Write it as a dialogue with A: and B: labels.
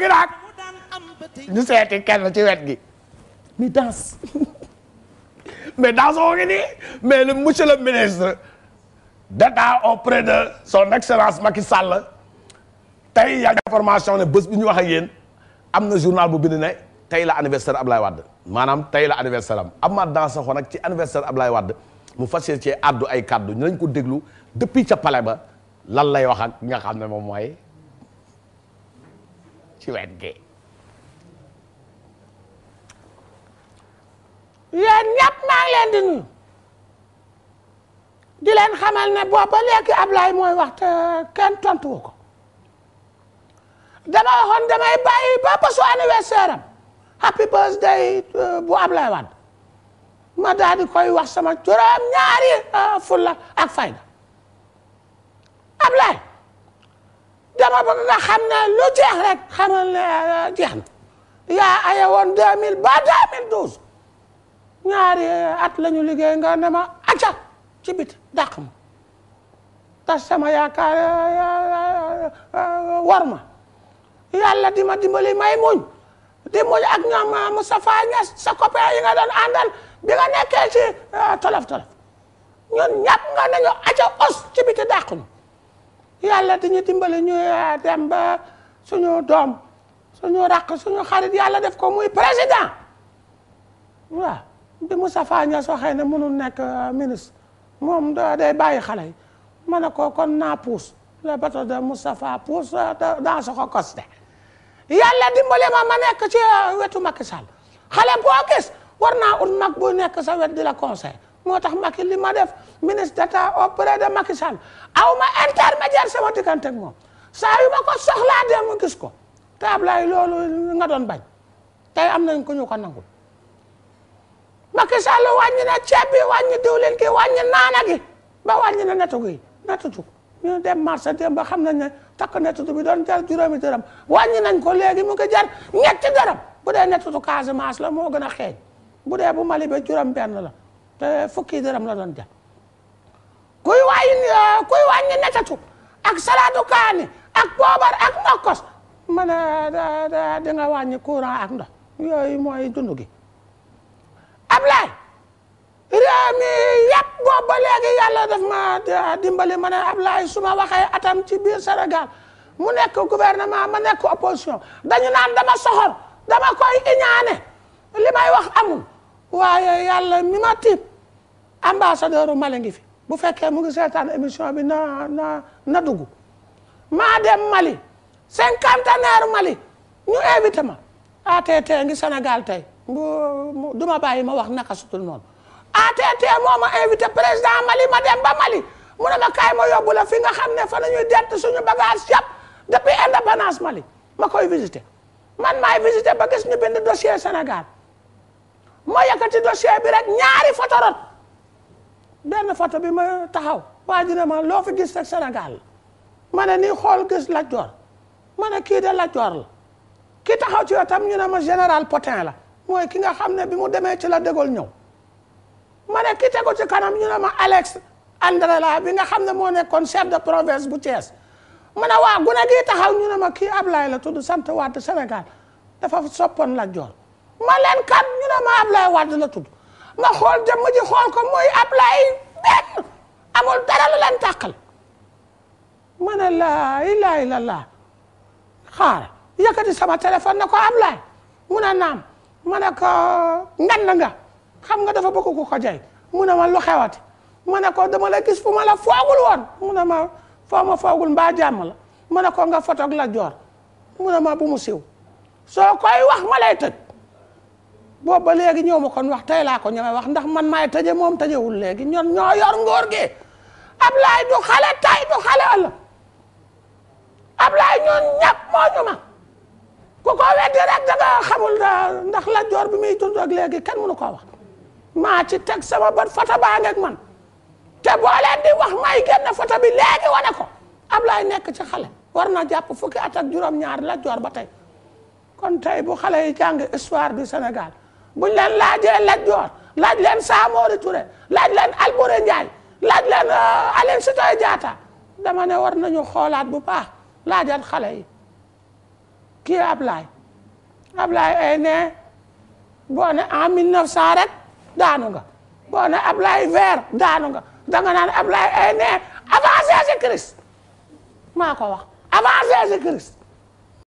A: gi raak ñu seeti kenn ci wet gi mi danse mais danse woo ngi nii mais le monsieur le ministre d'État auprès de son excellence Macky Sall tey yaa information ne bés bi ñu wax yéen am na journal bu bind ne tey la anniversaire lay Wade maanaam tey la anniversaire am Amath Dansokho nag ci anniversaire Ablaye Wade mu fas yéene ci àddu ay kàddu ñu lañ ko déglu depuis ca pale ba lan lay wax ak nga xam ne moom mooy ci wet gi yéen ñëpp maa leen di nuyu di leen xamal ne boobu ba léegi Ablaye mooy wax te kenn tontuwu ko dama waxoon damay bàyyi ba bésu anniversaire am happy birthday euh, bu Ablaye Wade ma daal koy wax sama juróom ñaari euh, fulla ak fayda Ablaye dama bëgg nga xam ne lu jeex rek xamal ne euh, jeex na yaa aye woon 2000 ba 2012 ñaari euh, at la liggéey nga ne ma acca ci bit dàq ma sama yaakaar euh, war ma yàlla di ma may muñ di muñ ak ñoom Moustapha Niass sa copain yi nga doon bi nga nekkee ci tolof tolof ñun ñàpp nga nañu acca os ci biti dàq ñu yàlla dañu dimbale ñu dem ba suñu doom suñu rakk suñu xarit yàlla def ko muy président waaw bi Moustapha Niasse waxee ne mënul nekk euh, ministre moom day bàyyi xale yi ma ne ko kon naa puus le bateau de Moustapha puus euh, dans sa ko costé yàlla dimbale ma ma nekk ci euh, wetu Macky Sall xale boo gis war naa ut mag bu nekk sa wet di la conseil moo tax Macky li ma def ministre d'État auprès de Macky Sall aw ma intermédiaire sama diggante ak moom saa yu ma ko soxlaa dem mu gis ko te Ablaye loolu nga doon bañ tey am nañ ko ñu ko nangul Macky Sall wàññi na ceeb bi diwlin gi wàññi naana gi ba wàññi na netu gi netu jug ñu dem marché dem ba xam nañ ne takk netu bi doon jar juróomi dërëm wàññi nañ ko léegi mu ngi jar ñetti dërëm bu dee netu Casamance la moo gën a xeeñ bu dee bu Mali ba juróom benn la te fukki dërëm la doon kuy wàññi euh, kuy ak salatu kaani ak poobar ak nokkos ma ne di nga wàññi courant ak ndox yooyu mooy dund gi Ablaye réew mi yëpp boobu ba léegi yàlla daf euh, dimbali ma ne Ablaye su ma atam ci biir mu nekk gouvernement ma nekk opposition dañu naan dama soxor dama koy iñaane li may wax waaye yàlla mi ma ambassadeur Mali ngi fi bu fekkee mu ngi seetaan émission bi na na na dugg maa dem Mali cinquantenaire Mali ñu invité ma ATT ngi Sénégal tey bu du ma ma wax naka sutul noonu ATT moo ma invité président Mali ma dem ba Mali mu ne ma kaay ma yóbbu fi nga xam ne fa la ñuy dett suñu bagage yàpp depuis indépendance Mali ma koy visité man maay visité ba gis ñu dossier Sénégal ma yëkkati dossier bi rek ñaari photo benn photo bi ma taxaw waa ji ma loo fi gis rek Sénégal ma ne nii xool gis Lat Joor ma ne kii de Lat la ki taxaw ci wetam ñu ne ma général Potin la mooy ki nga xam ne bi mu demee ci la De Gaulle ñëw ma ne ki tegu ci kanam ñu ne ma Alex André la bi nga xam ne moo nekkoon chef de province bu Thiès ma ne waa gune gi taxaw ñu ne ma kii Ablaye la tudd sant Wade Sénégal dafa soppoon Lat Joor ma leen kat ñu ne ma Ablaye Wade la tudd ma xool jëmm ji xool ko mooy Ablaye benn amul dara lu leen tàqal ma ne laa ilaaha illallaah xaar yëkkati sama téléphone ne ko Ablaye mu naam ma ko ngan nga xam nga dafa bëgg ku ko jay mu ma lu xewati ma ko dama la gis fu ma la foogul woon mu ma foo foogul mbaa jàmm la ko nga fotoog la joor mu ma bu siw soo koy wax ma lay tëj boobu ba léegi ñëw ma kon wax tey laa ko ñeme wax ndax man maay tëje moom tëjewul léegi ñoom ñoo yor nguur gi Ablaye du xale tey du xale ëllëg Ablaye ñun ñëpp moo ma ku ko weddi rek da xamul ndax la bi muy dund ak léegi kenn mënu koo wax maa ci teg sama bët foto baa ngeeg man te boo di wax may génn foto bi léegi wane ko Ablaye nekk ci xale war na jàpp fukki at ak juróom-ñaar la ba tey kon tey bu xale yi jàng histoire du Sénégal buñ leen laajee Lat Joor laaj leen Samori Touré laaj leen Alboury Ndiaye laaj leen euh, Aline dama ne war nañu xoolaat bu baax laajaat xale yi kii Ablaye Ablaye ay ne boo ne en 1900 rek daanu nga boo ne danga naan Ablaye ay ne avancé si Christ maa ko wax avancé si Christ